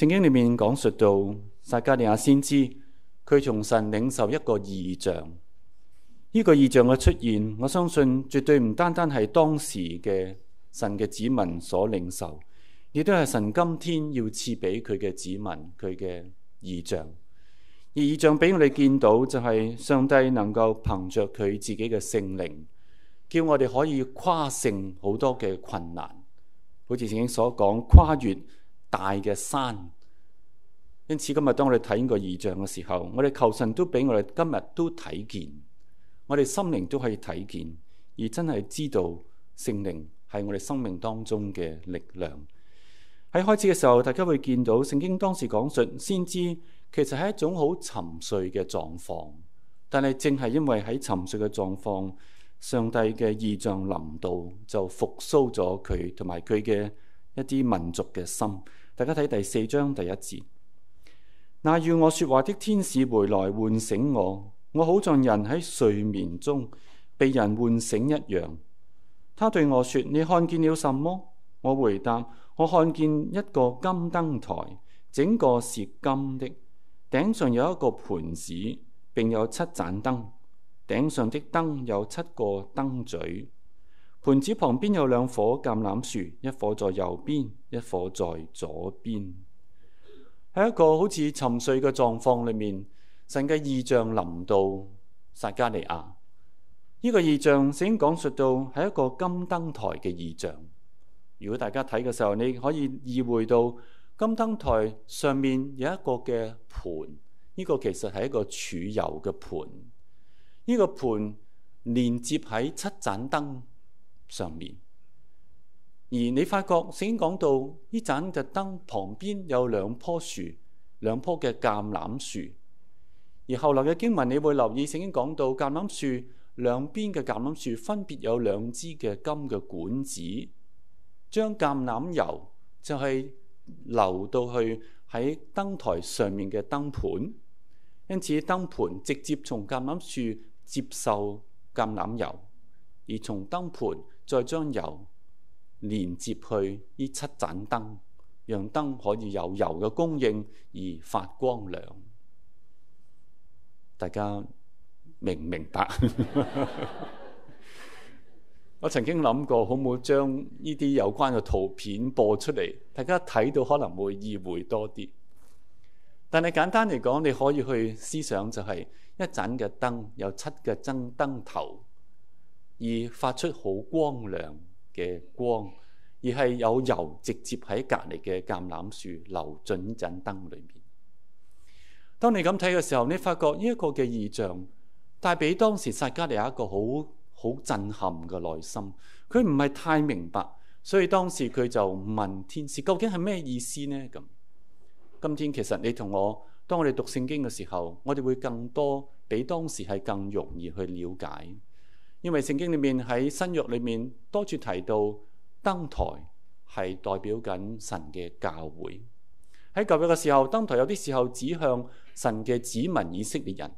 聖經裏面講述到撒迦利亞先知，佢從神領受一個異象。呢個異象嘅出現，我相信絕對唔單單係當時嘅神嘅子民所領受，亦都係神今天要賜俾佢嘅子民佢嘅異象。而異象俾我哋見到就係上帝能夠憑着佢自己嘅聖靈，叫我哋可以跨勝好多嘅困難。好似聖經所講跨越。大嘅山，因此，今日當我哋睇呢個異象嘅時候，我哋求神都俾我哋今日都睇見，我哋心靈都可以睇見，而真係知道聖靈係我哋生命當中嘅力量。喺開始嘅時候，大家會見到聖經當時講述，先知其實係一種好沉睡嘅狀況，但係正係因為喺沉睡嘅狀況，上帝嘅異象臨到就復甦咗佢，同埋佢嘅。一啲民族嘅心，大家睇第四章第一節。那要我説話的天使回來喚醒我，我好像人喺睡眠中被人喚醒一樣。他對我説：你看見了什麼？我回答：我看見一個金燈台，整個是金的，頂上有一個盤子，並有七盞燈。頂上的燈有七個燈嘴。盤子旁邊有兩棵橄欖樹，一棵在右邊，一棵在左邊。喺一個好似沉睡嘅狀況裏面，神嘅異象臨到撒加利亞。呢個異象先講述到係一個金燈台嘅異象。如果大家睇嘅時候，你可以意會到金燈台上面有一個嘅盤，呢個其實係一個儲油嘅盤。呢個盤連接喺七盞燈。上面，而你發覺聖經講到呢盞嘅燈旁邊有兩棵樹，兩棵嘅橄欖樹。而後嚟嘅經文，你會留意聖經講到橄欖樹兩邊嘅橄欖樹分別有兩支嘅金嘅管子，將橄欖油就係流到去喺燈台上面嘅燈盤，因此燈盤直接從橄欖樹接受橄欖油，而從燈盤。再將油連接去呢七盞燈，讓燈可以由油嘅供應而發光亮。大家明唔明白？ 我曾經諗過，可唔可以將呢啲有關嘅圖片播出嚟，大家睇到可能會意會多啲。但係簡單嚟講，你可以去思想，就是，就係一盞嘅燈有七個增燈頭。而發出好光亮嘅光，而係有油直接喺隔籬嘅橄欖樹流進盞燈裏面。當你咁睇嘅時候，你發覺呢一個嘅異象帶俾當時撒迦利亞一個好好震撼嘅內心。佢唔係太明白，所以當時佢就問天使：究竟係咩意思呢？咁，今天其實你同我，當我哋讀聖經嘅時候，我哋會更多比當時係更容易去了解。因為聖經裏面，喺新約裏面多處提到燈臺係代表緊神嘅教會。喺舊約嘅時候，燈臺有啲時候指向神嘅子民以色列人。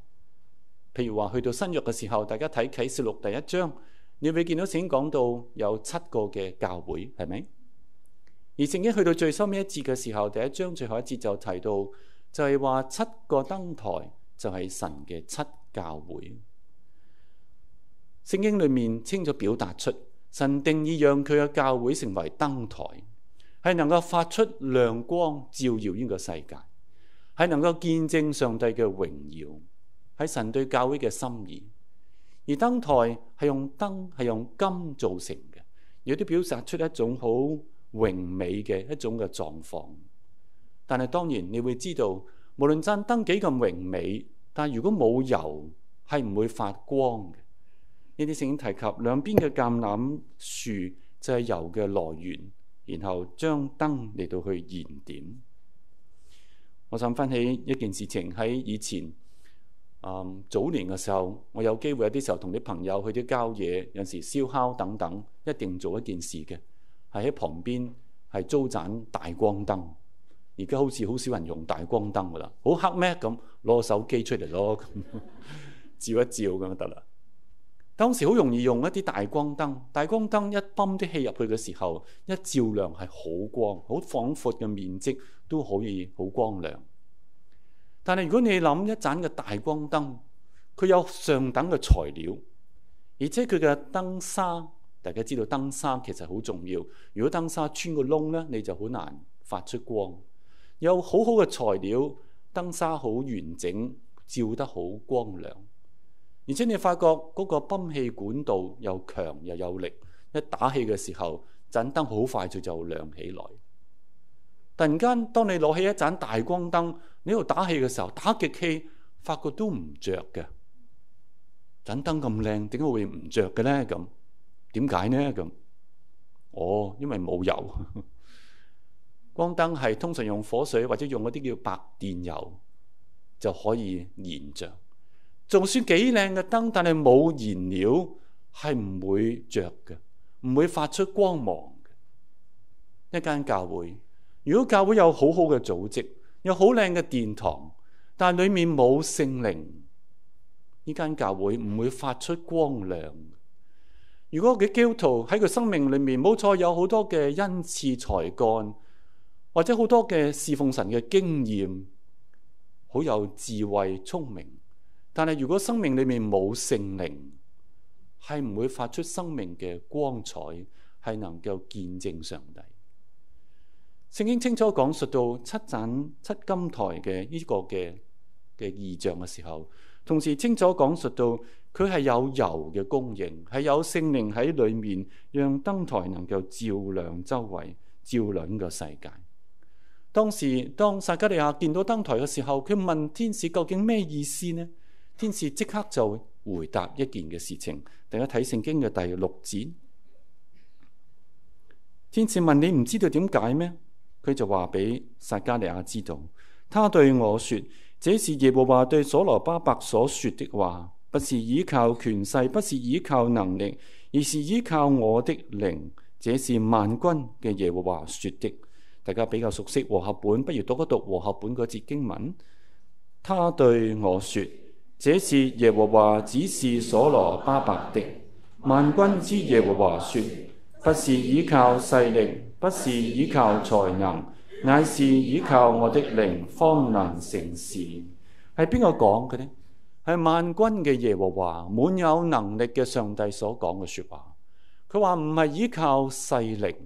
譬如話去到新約嘅時候，大家睇啟示錄第一章，你會見到聖經講到有七個嘅教會，係咪？而聖經去到最深屘一節嘅時候，第一章最後一節就提到，就係、是、話七個燈臺就係神嘅七教會。聖經裡面清楚表達出，神定意讓佢嘅教會成為燈台，係能夠發出亮光，照耀呢個世界，係能夠見證上帝嘅榮耀，係神對教會嘅心意。而燈台係用燈，係用金做成嘅，亦都表達出一種好榮美嘅一種嘅狀況。但係當然，你會知道，無論盞燈幾咁榮美，但如果冇油，係唔會發光。呢啲聖經提及兩邊嘅橄欖樹就係油嘅來源，然後將燈嚟到去燃點。我想翻起一件事情，喺以前，嗯，早年嘅時候，我有機會有啲時候同啲朋友去啲郊野，有時燒烤等等，一定做一件事嘅，係喺旁邊係租盞大光燈。而家好似好少人用大光燈噶啦，好黑咩，咁攞手機出嚟咯，咁照一照咁就得啦。當時好容易用一啲大光燈，大光燈一泵啲氣入去嘅時候，一照亮係好光、好廣闊嘅面積都可以好光亮。但係如果你諗一盞嘅大光燈，佢有上等嘅材料，而且佢嘅燈紗，大家知道燈紗其實好重要。如果燈紗穿個窿呢，你就好難發出光。有好好嘅材料，燈紗好完整，照得好光亮。而且你發覺嗰個泵氣管道又強又有力，一打氣嘅時候，盞燈好快就就亮起來。突然間，當你攞起一盞大光燈，你喺度打氣嘅時候，打極氣，發覺都唔着嘅。盞燈咁靚，點解會唔着嘅咧？咁點解呢？咁，哦，因為冇油。 光燈係通常用火水或者用嗰啲叫白電油就可以燃着。仲算幾靚嘅燈，但係冇燃料係唔會着嘅，唔會發出光芒。一間教會，如果教會有好好嘅組織，有好靚嘅殿堂，但係裡面冇聖靈，呢間教會唔會發出光亮。如果佢基督徒喺佢生命裡面，冇錯有好多嘅恩賜才幹，或者好多嘅侍奉神嘅經驗，好有智慧、聰明。但係，如果生命裏面冇聖靈，係唔會發出生命嘅光彩，係能夠見證上帝。聖經清楚講述到七盞七金台嘅呢個嘅嘅異象嘅時候，同時清楚講述到佢係有油嘅供應，係有聖靈喺裏面，讓燈台能夠照亮周圍，照亮個世界。當時當撒迦利亞見到燈台嘅時候，佢問天使究竟咩意思呢？天使即刻就回答一件嘅事情。大家睇聖經嘅第六節，天使問你唔知道點解咩？佢就話俾撒加利亞知道，他對我說：這是耶和華對所羅巴伯所說的話，不是倚靠權勢，不是倚靠能力，而是倚靠我的靈。這是萬軍嘅耶和華說的。大家比較熟悉和合本，不如讀一讀和合本嗰節經文。他對我說。這是耶和華指示所羅巴伯的，萬軍之耶和華說：不是倚靠勢力，不是倚靠才能，乃是倚靠我的靈方能成事。係邊個講嘅呢？係萬軍嘅耶和華，滿有能力嘅上帝所講嘅説話。佢話唔係倚靠勢力，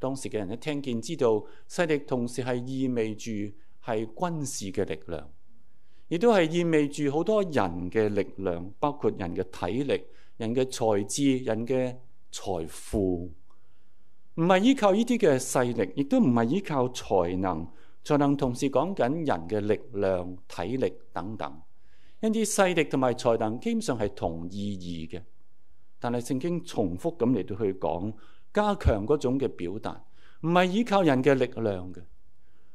當時嘅人一聽見知道勢力，同時係意味住係軍事嘅力量。亦都係意味住好多人嘅力量，包括人嘅體力、人嘅才智、人嘅財富，唔係依靠呢啲嘅勢力，亦都唔係依靠才能。才能同時講緊人嘅力量、體力等等。一啲勢力同埋才能基本上係同意義嘅，但係聖經重複咁嚟到去講，加強嗰種嘅表達，唔係依靠人嘅力量嘅，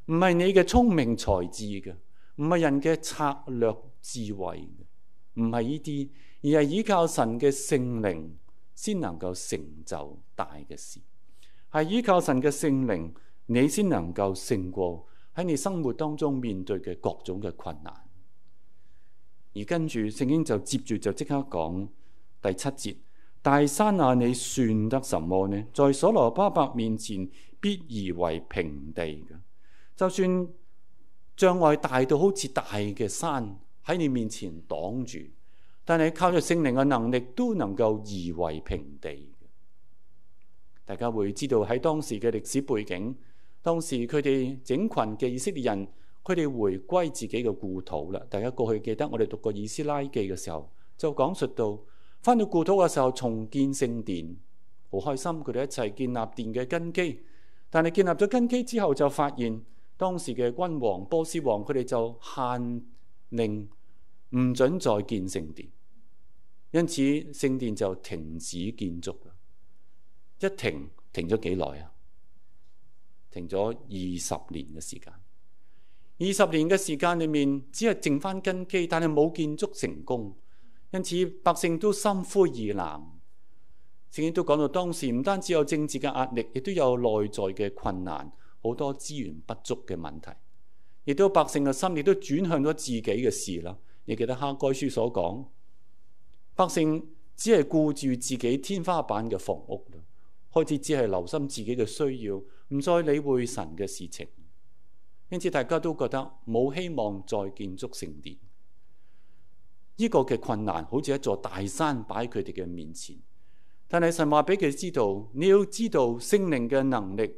唔係你嘅聰明才智嘅。唔係人嘅策略智慧，唔係依啲，而係依靠神嘅聖靈先能夠成就大嘅事，係依靠神嘅聖靈，你先能夠勝過喺你生活當中面對嘅各種嘅困難。而跟住聖經就接住就即刻講第七節，大山啊，你算得什麼呢？在所羅巴伯面前，必夷為平地嘅。就算。障礙大到好似大嘅山喺你面前擋住，但係靠住聖靈嘅能力都能夠夷為平地。大家會知道喺當時嘅歷史背景，當時佢哋整群嘅以色列人，佢哋回歸自己嘅故土啦。大家過去記得我哋讀過《以斯拉記》嘅時候，就講述到翻到故土嘅時候重建聖殿，好開心佢哋一齊建立殿嘅根基。但係建立咗根基之後就發現。當時嘅君王波斯王，佢哋就限令唔准再建聖殿，因此聖殿就停止建築啦。一停停咗幾耐啊？停咗二十年嘅時間。二十年嘅時間裏面，只係剩翻根基，但係冇建築成功，因此百姓都心灰意冷。聖經都講到當時，唔單止有政治嘅壓力，亦都有內在嘅困難。好多資源不足嘅問題，亦都百姓嘅心亦都轉向咗自己嘅事啦。你記得哈該書所講，百姓只係顧住自己天花板嘅房屋啦，開始只係留心自己嘅需要，唔再理會神嘅事情。因此大家都覺得冇希望再建築聖殿。呢個嘅困難好似一座大山擺喺佢哋嘅面前，但係神話俾佢知道，你要知道聖靈嘅能力。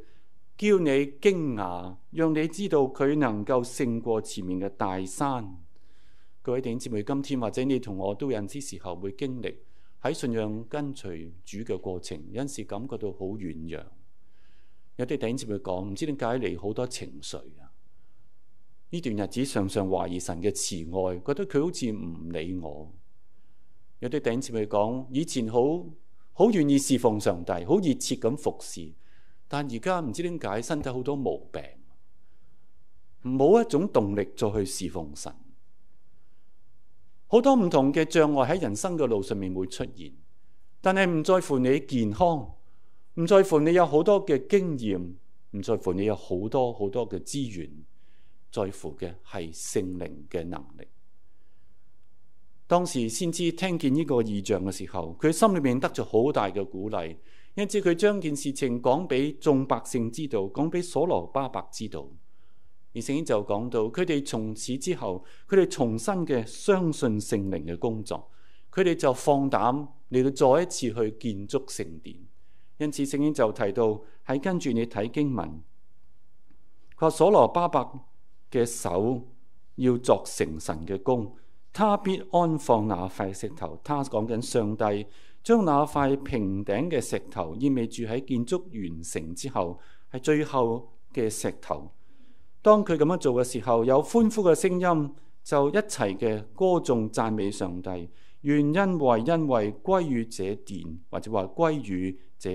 叫你驚訝，讓你知道佢能夠勝過前面嘅大山。各位弟兄姊妹，今天或者你同我都有啲時候會經歷喺信仰跟隨主嘅過程，有時感覺到好軟弱。有啲弟兄姊妹講唔知點解嚟好多情緒啊！呢段日子常常懷疑神嘅慈愛，覺得佢好似唔理我。有啲弟兄姊妹講，以前好好願意侍奉上帝，好熱切咁服侍。但而家唔知點解身體好多毛病，冇一種動力再去侍奉神。好多唔同嘅障礙喺人生嘅路上面會出現，但係唔在乎你嘅健康，唔在乎你有好多嘅經驗，唔在乎你有好多好多嘅資源，在乎嘅係聖靈嘅能力。當時先知聽見呢個異象嘅時候，佢心裏面得咗好大嘅鼓勵。因此佢將件事情講俾眾百姓知道，講俾所羅巴伯知道。而聖經就講到，佢哋從此之後，佢哋重新嘅相信聖靈嘅工作，佢哋就放膽嚟到再一次去建築聖殿。因此聖經就提到，喺跟住你睇經文，佢話所羅巴伯嘅手要作成神嘅工，他必安放那塊石頭。他講緊上帝。將那塊平頂嘅石頭，意味住喺建築完成之後係最後嘅石頭。當佢咁樣做嘅時候，有歡呼嘅聲音，就一齊嘅歌頌讚美上帝，願因為因為歸於這殿，或者話歸於這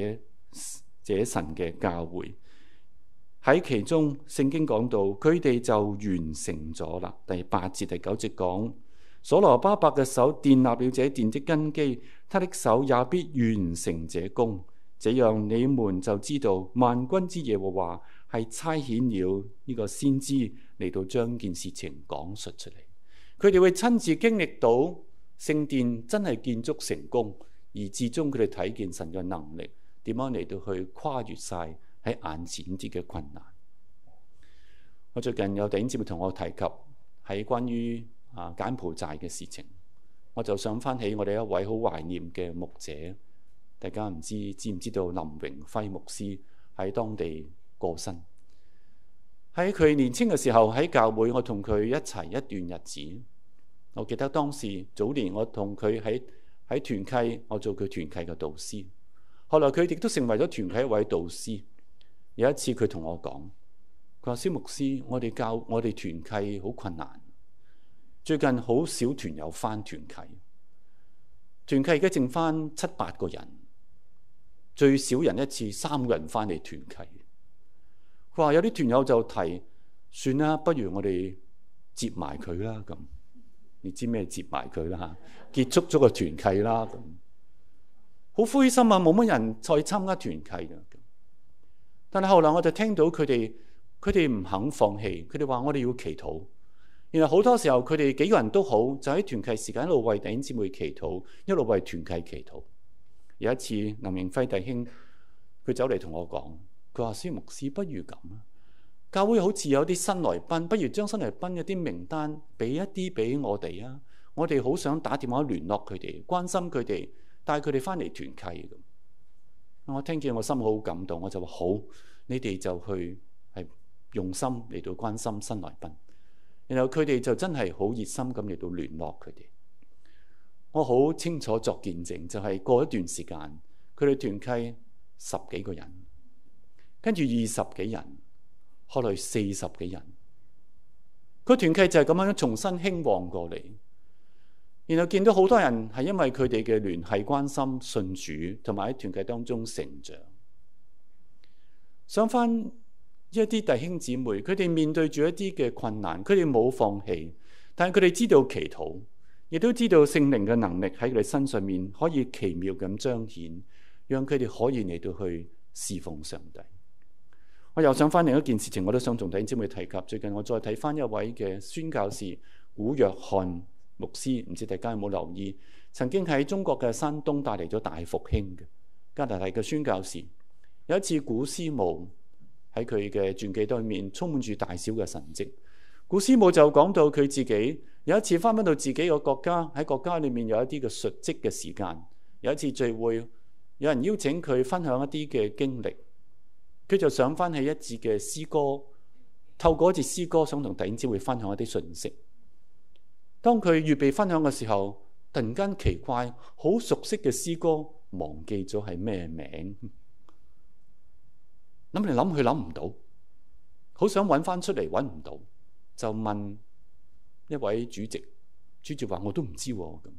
這神嘅教會。喺其中，聖經講到佢哋就完成咗啦。第八節、第九節講。所羅巴伯嘅手奠立了這殿的根基，他的手也必完成這工，這樣你們就知道萬軍之耶和華係差遣了呢個先知嚟到將件事情講述出嚟。佢哋會親自經歷到聖殿真係建築成功，而至終佢哋睇見神嘅能力點樣嚟到去跨越晒喺眼前啲嘅困難。我最近有弟兄姊妹同我提及喺關於。啊！柬埔寨嘅事情，我就想翻起我哋一位好懷念嘅牧者。大家唔知知唔知道林榮輝牧師喺當地過身。喺佢年青嘅時候喺教會，我同佢一齊一段日子。我記得當時早年我同佢喺喺團契，我做佢團契嘅導師。後來佢亦都成為咗團契一位導師。有一次佢同我講，佢話：蕭牧師，我哋教我哋團契好困難。最近好少團友返團契，團契而家剩返七八個人，最少人一次三個人返嚟團契。話有啲團友就提算啦，不如我哋接埋佢啦咁。你知咩？接埋佢啦吓，結束咗個團契啦咁。好灰心啊，冇乜人再參加團契㗎。但係後來我就聽到佢哋，佢哋唔肯放棄，佢哋話我哋要祈禱。然後好多時候，佢哋幾個人都好，就喺團契時間一路為弟兄姊妹祈禱，一路為團契祈禱。有一次，林明輝弟兄佢走嚟同我講，佢話：蕭牧師，不如咁啊，教會好似有啲新來賓，不如將新來賓嗰啲名單俾一啲俾我哋啊，我哋好想打電話聯絡佢哋，關心佢哋，帶佢哋翻嚟團契咁。我聽見我心好感動，我就話好，你哋就去係用心嚟到關心新來賓。然後佢哋就真係好熱心咁嚟到聯絡佢哋，我好清楚作見證，就係過一段時間，佢哋團契十幾個人，跟住二十幾人，後來四十幾人，佢團契就係咁樣重新興旺過嚟。然後見到好多人係因為佢哋嘅聯繫關心信主，同埋喺團契當中成長，想翻。一啲弟兄姊妹，佢哋面對住一啲嘅困難，佢哋冇放棄，但係佢哋知道祈禱，亦都知道聖靈嘅能力喺佢哋身上面可以奇妙咁彰顯，讓佢哋可以嚟到去侍奉上帝。我又想翻另一件事情，我都想同弟兄姊妹提及。最近我再睇翻一位嘅宣教士古約翰牧師，唔知大家有冇留意？曾經喺中國嘅山東帶嚟咗大復興嘅加拿大嘅宣教士。有一次古思慕。喺佢嘅傳記裏面，充滿住大小嘅神迹。古師母就講到佢自己有一次翻返到自己個國家，喺國家裏面有一啲嘅述職嘅時間。有一次聚會，有人邀請佢分享一啲嘅經歷，佢就想翻起一節嘅詩歌，透過一節詩歌想同弟兄姊妹分享一啲信息。當佢預備分享嘅時候，突然間奇怪，好熟悉嘅詩歌忘記咗係咩名。咁你諗佢諗唔到，好想揾翻出嚟，揾唔到，就問一位主席。主席話我都唔知喎啊。咁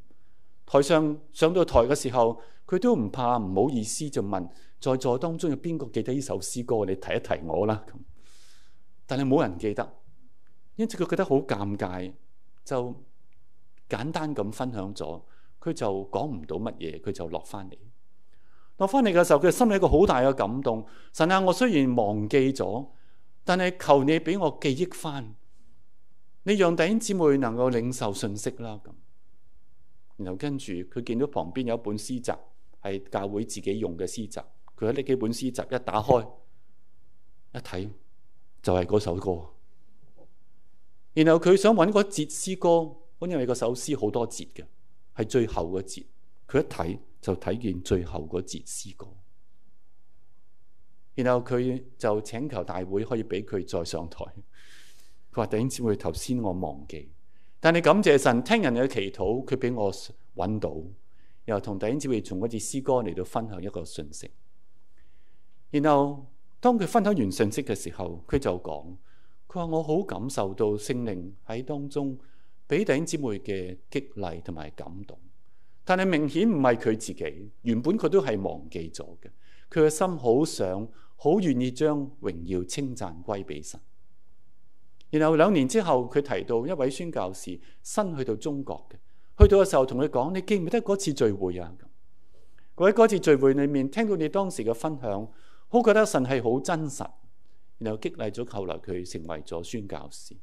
台上上到台嘅時候，佢都唔怕唔好意思，就問在座當中有邊個記得呢首詩歌，你提一提我啦。咁但係冇人記得，因此佢覺得好尷尬，就簡單咁分享咗。佢就講唔到乜嘢，佢就落翻嚟。攞翻嚟嘅時候，佢心裏一個好大嘅感動。神啊，我雖然忘記咗，但係求你俾我記憶翻。你讓弟兄姊妹能夠領受信息啦咁。然後跟住佢見到旁邊有一本詩集，係教會自己用嘅詩集。佢喺呢幾本詩集一打開，一睇就係嗰首歌。然後佢想揾嗰節詩歌，因為嗰首詩好多節嘅，係最後嘅節。佢一睇。就睇見最後嗰節詩歌，然後佢就請求大會可以俾佢再上台。佢話，弟兄姊妹，頭先我忘記，但係感謝神聽人嘅祈禱，佢俾我揾到，又同弟兄姊妹從嗰節詩歌嚟到分享一個信息。然後當佢分享完信息嘅時候，佢就講，佢話我好感受到聖靈喺當中俾弟兄姊妹嘅激勵同埋感動。但係明顯唔係佢自己，原本佢都係忘記咗嘅。佢嘅心好想、好願意將榮耀稱讚歸俾神。然後兩年之後，佢提到一位宣教士新去到中國嘅，去到嘅時候同佢講：「你記唔記得嗰次聚會啊？佢喺嗰次聚會裏面聽到你當時嘅分享，好覺得神係好真實，然後激勵咗後來佢成為咗宣教士。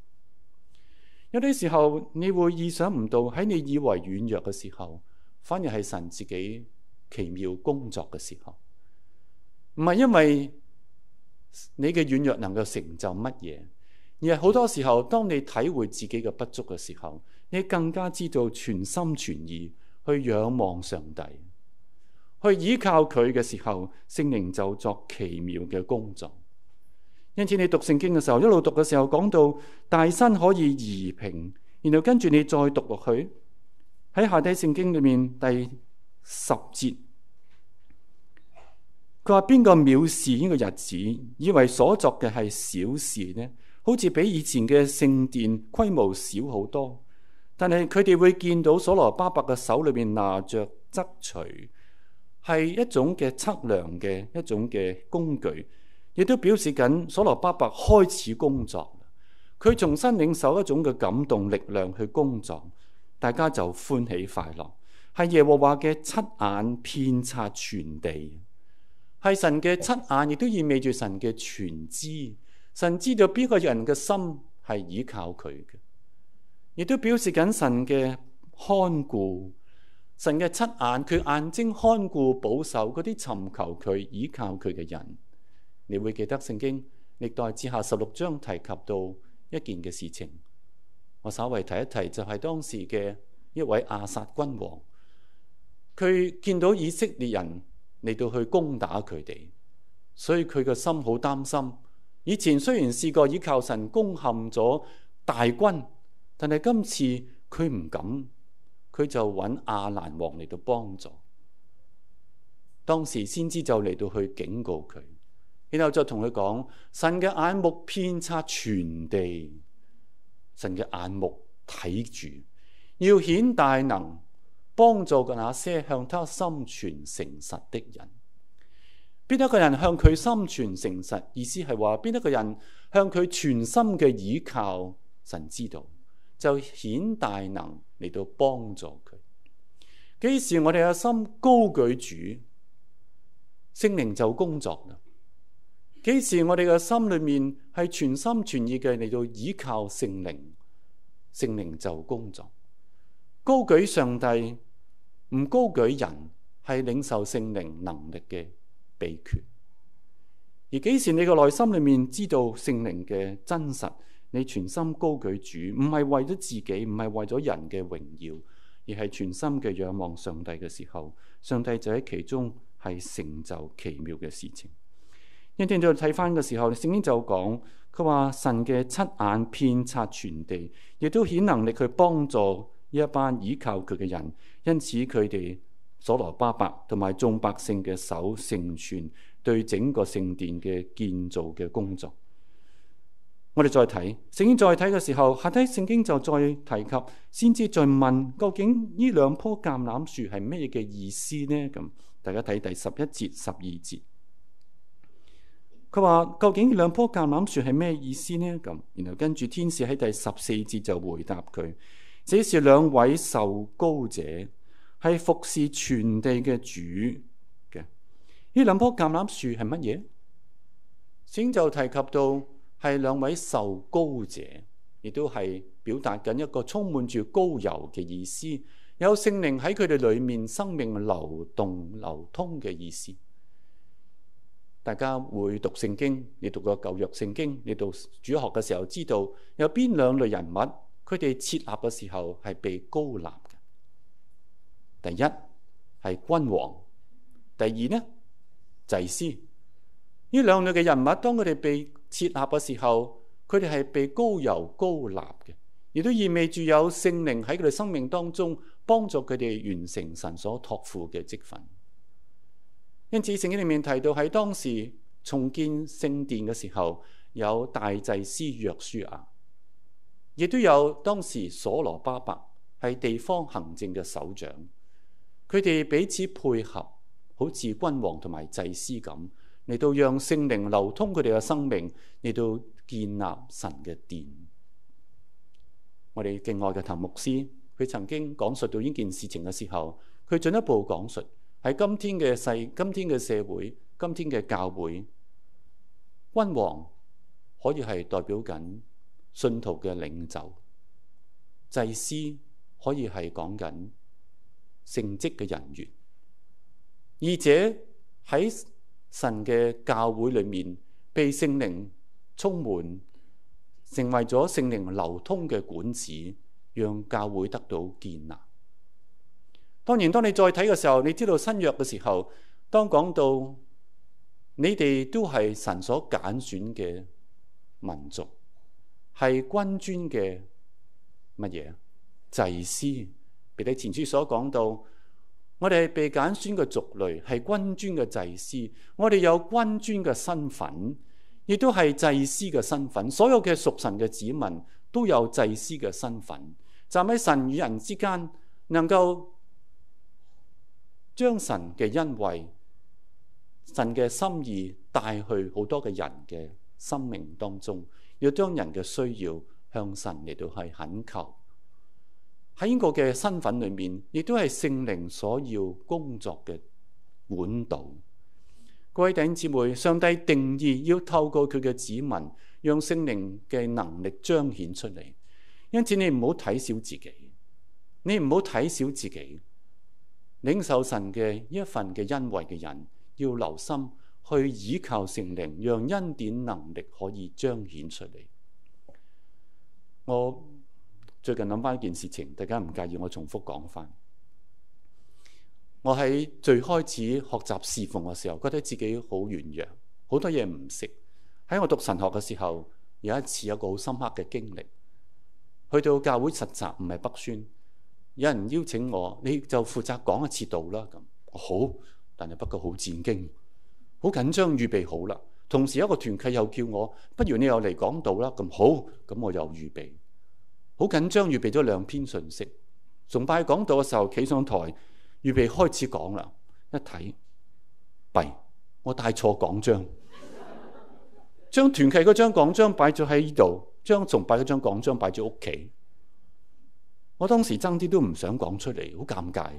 有啲時候你會意想唔到，喺你以為軟弱嘅時候。反而係神自己奇妙工作嘅時候，唔係因為你嘅軟弱能夠成就乜嘢，而係好多時候，當你體會自己嘅不足嘅時候，你更加知道全心全意去仰望上帝，去依靠佢嘅時候，聖靈就作奇妙嘅工作。因此你讀聖經嘅時候，一路讀嘅時候講到大山可以移平，然後跟住你再讀落去。喺下底聖經裏面第十節，佢話：邊個藐視呢個日子，以為所作嘅係小事呢？好似比以前嘅聖殿規模少好多。但係佢哋會見到所羅巴伯嘅手裏面，拿着測錘，係一種嘅測量嘅一種嘅工具，亦都表示緊所羅巴伯開始工作。佢重新領受一種嘅感動力量去工作。大家就歡喜快樂，係耶和華嘅七眼遍察全地，係神嘅七眼，亦都意味住神嘅全知，神知道邊個人嘅心係依靠佢嘅，亦都表示緊神嘅看顧，神嘅七眼，佢眼睛看顧保守嗰啲尋求佢依靠佢嘅人，你會記得聖經歷代志下十六章提及到一件嘅事情。我稍微提一提，就係、是、當時嘅一位亞撒君王，佢見到以色列人嚟到去攻打佢哋，所以佢嘅心好擔心。以前雖然試過依靠神攻陷咗大軍，但係今次佢唔敢，佢就揾亞蘭王嚟到幫助。當時先知就嚟到去警告佢，然後就同佢講：神嘅眼目遍察全地。神嘅眼目睇住，要顯大能幫助嘅那些向他心存誠實的人。邊一個人向佢心存誠實？意思係話邊一個人向佢全心嘅倚靠。神知道就顯大能嚟到幫助佢。幾時我哋嘅心高舉主，聖靈就工作。幾時我哋嘅心裏面係全心全意嘅，嚟到依靠聖靈，聖靈就工作。高舉上帝，唔高舉人，係領受聖靈能力嘅秘訣。而幾時你嘅內心裏面知道聖靈嘅真實，你全心高舉主，唔係為咗自己，唔係為咗人嘅榮耀，而係全心嘅仰望上帝嘅時候，上帝就喺其中係成就奇妙嘅事情。因此，在睇翻嘅時候，聖經就講，佢話神嘅七眼遍察全地，亦都顯能力去幫助呢一班倚靠佢嘅人。因此，佢哋所羅巴伯同埋眾百姓嘅手成全對整個聖殿嘅建造嘅工作。我哋再睇聖經，再睇嘅時候，下底聖經就再提及，先至再問，究竟呢兩棵橄欖樹係咩嘅意思呢？咁大家睇第十一節、十二節。佢話：究竟兩棵橄欖樹係咩意思呢？咁，然後跟住天使喺第十四節就回答佢：這是兩位受膏者，係服侍全地嘅主嘅。呢兩棵橄欖樹係乜嘢？先就提及到係兩位受膏者，亦都係表達緊一個充滿住膏油嘅意思，有聖靈喺佢哋裏面生命流動流通嘅意思。大家會讀聖經，你讀過舊約聖經，你讀主學嘅時候知道有邊兩類人物，佢哋設立嘅時候係被高立嘅。第一係君王，第二呢，祭司。呢兩類嘅人物，當佢哋被設立嘅時候，佢哋係被膏油膏立嘅，亦都意味住有聖靈喺佢哋生命當中幫助佢哋完成神所託付嘅職份。因此，聖經裏面提到喺當時重建聖殿嘅時候，有大祭司約書亞，亦都有當時所羅巴伯係地方行政嘅首長，佢哋彼此配合，好似君王同埋祭司咁，嚟到讓聖靈流通佢哋嘅生命，嚟到建立神嘅殿。我哋敬愛嘅譚牧師，佢曾經講述到呢件事情嘅時候，佢進一步講述。喺今天嘅世、今天嘅社會、今天嘅教會，君王可以係代表緊信徒嘅領袖，祭司可以係講緊聖職嘅人員，而且喺神嘅教會裏面被聖靈充滿，成為咗聖靈流通嘅管子，讓教會得到建立。當然，當你再睇嘅時候，你知道新約嘅時候，當講到你哋都係神所揀選嘅民族，係君尊嘅乜嘢？祭司。彼得前書所講到，我哋係被揀選嘅族類，係君尊嘅祭司。我哋有君尊嘅身份，亦都係祭司嘅身份。所有嘅屬神嘅子民都有祭司嘅身份，站喺神與人之間，能夠，將神嘅恩惠、神嘅心意帶去好多嘅人嘅生命當中，要將人嘅需要向神嚟到去懇求。喺呢個嘅身份裏面，亦都係聖靈所要工作嘅管道。各位弟兄姊妹，上帝定意要透過佢嘅子民，讓聖靈嘅能力彰顯出嚟。因此，你唔好睇小自己，你唔好睇小自己。領受神嘅一份嘅恩惠嘅人，要留心去倚靠聖靈，讓恩典能力可以彰顯出嚟。我最近諗翻一件事情，大家唔介意我重複講翻。我喺最開始學習侍奉嘅時候，覺得自己好軟弱，好多嘢唔識。喺我讀神學嘅時候，有一次有個好深刻嘅經歷，去到教會實習，唔係北宣。有人邀請我，你就負責講一次道啦。咁好，但係不過好戰兢，好緊張，預備好啦。同時一個團契又叫我，不如你又嚟講道啦。咁好，咁我又預備，好緊張，預備咗兩篇信息。崇拜講道嘅時候，企上台，預備開始講啦。一睇，弊，我帶錯講章，將團契嗰張講章擺咗喺呢度，將崇拜嗰張講章擺咗屋企。我當時爭啲都唔想講出嚟，好尷尬。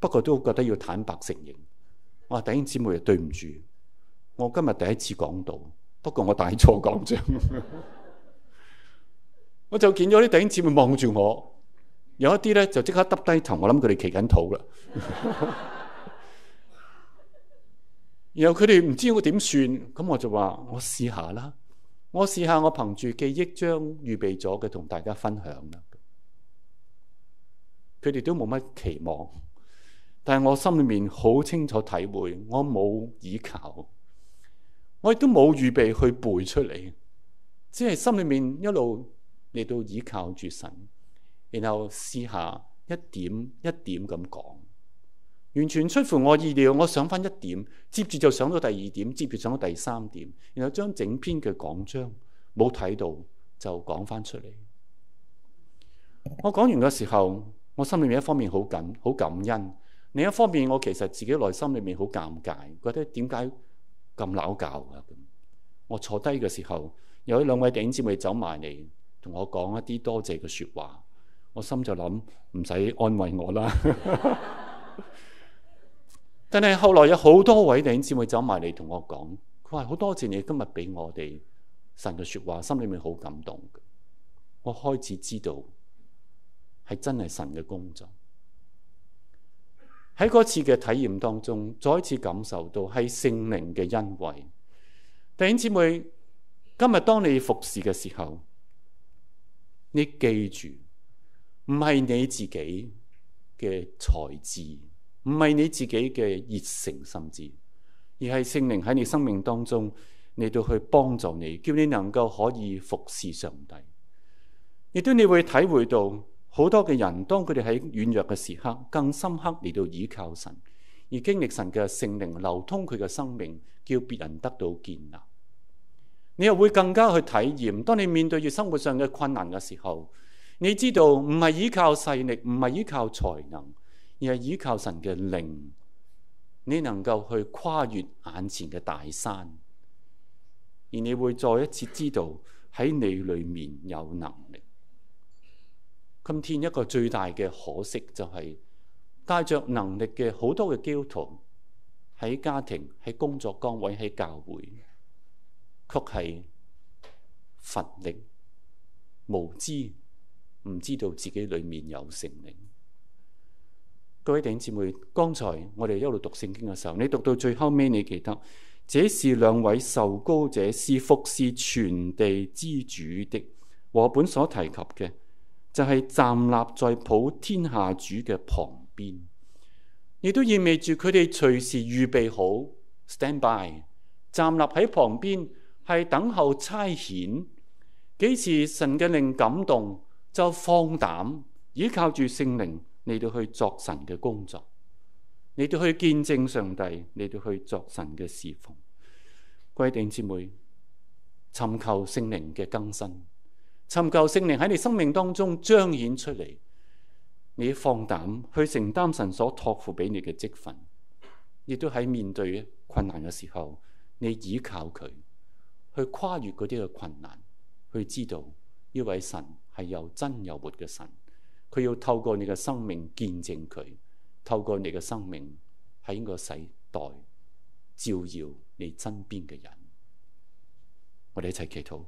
不過都覺得要坦白承認，我話弟兄姊妹啊，對唔住。我今日第一次講到，不過我大錯講章。 我就見咗啲弟兄姊妹望住我，有一啲咧就即刻耷低頭，我諗佢哋企緊肚啦。 然後佢哋唔知我點算，咁我就話我試下啦。我試下，我試下我憑住記憶將預備咗嘅同大家分享啦。佢哋都冇乜期望，但係我心裏面好清楚體會，我冇依靠，我亦都冇預備去背出嚟，只係心裏面一路嚟到倚靠住神，然後試下一點一點咁講，完全出乎我意料。我想翻一點，接住就想到第二點，接住想到第三點，然後將整篇嘅講章冇睇到就講翻出嚟。我講完嘅時候。我心裏面一方面好感好感恩，另一方面我其實自己內心裏面好尷尬，覺得點解咁扭教噶。我坐低嘅時候，有兩位弟兄姊妹走埋嚟同我講一啲多謝嘅說話，我心就諗唔使安慰我啦。 但係後來有好多位弟兄姊妹走埋嚟同我講，佢話好多謝你今日俾我哋神嘅說話，心裏面好感動。我開始知道。係真係神嘅工作，喺嗰次嘅體驗當中，再一次感受到係聖靈嘅恩惠。弟兄姊妹，今日當你服侍嘅時候，你記住唔係你自己嘅才智，唔係你自己嘅熱誠心志，而係聖靈喺你生命當中嚟到去幫助你，叫你能夠可以服侍上帝。亦都你會體會到。好多嘅人，當佢哋喺軟弱嘅時刻，更深刻嚟到倚靠神，而經歷神嘅聖靈流通佢嘅生命，叫別人得到建立。你又會更加去體驗，當你面對住生活上嘅困難嘅時候，你知道唔係依靠勢力，唔係依靠才能，而係依靠神嘅靈，你能夠去跨越眼前嘅大山，而你會再一次知道喺你裏面有能力。今天一個最大嘅可惜就係、是、帶着能力嘅好多嘅基督徒喺家庭、喺工作崗位、喺教會，卻係乏力、無知，唔知道自己裡面有聖靈。各位弟兄姊妹，剛才我哋一路讀聖經嘅時候，你讀到最後尾，你記得這是兩位受膏者，是服侍全地之主的，和本所提及嘅。就係站立在普天下主嘅旁邊，亦都意味住佢哋隨時預備好 stand by，站立喺旁邊係等候差遣。幾時神嘅靈感動，就放膽依靠住聖靈嚟到去作神嘅工作，你到去見證上帝，嚟到去作神嘅侍奉。弟兄姊妹，尋求聖靈嘅更新。尋求聖靈喺你生命當中彰顯出嚟，你放膽去承擔神所託付俾你嘅積分，亦都喺面對困難嘅時候，你依靠佢去跨越嗰啲嘅困難，去知道呢位神係又真又活嘅神，佢要透過你嘅生命見證佢，透過你嘅生命喺呢個世代照耀你身邊嘅人，我哋一齊祈禱。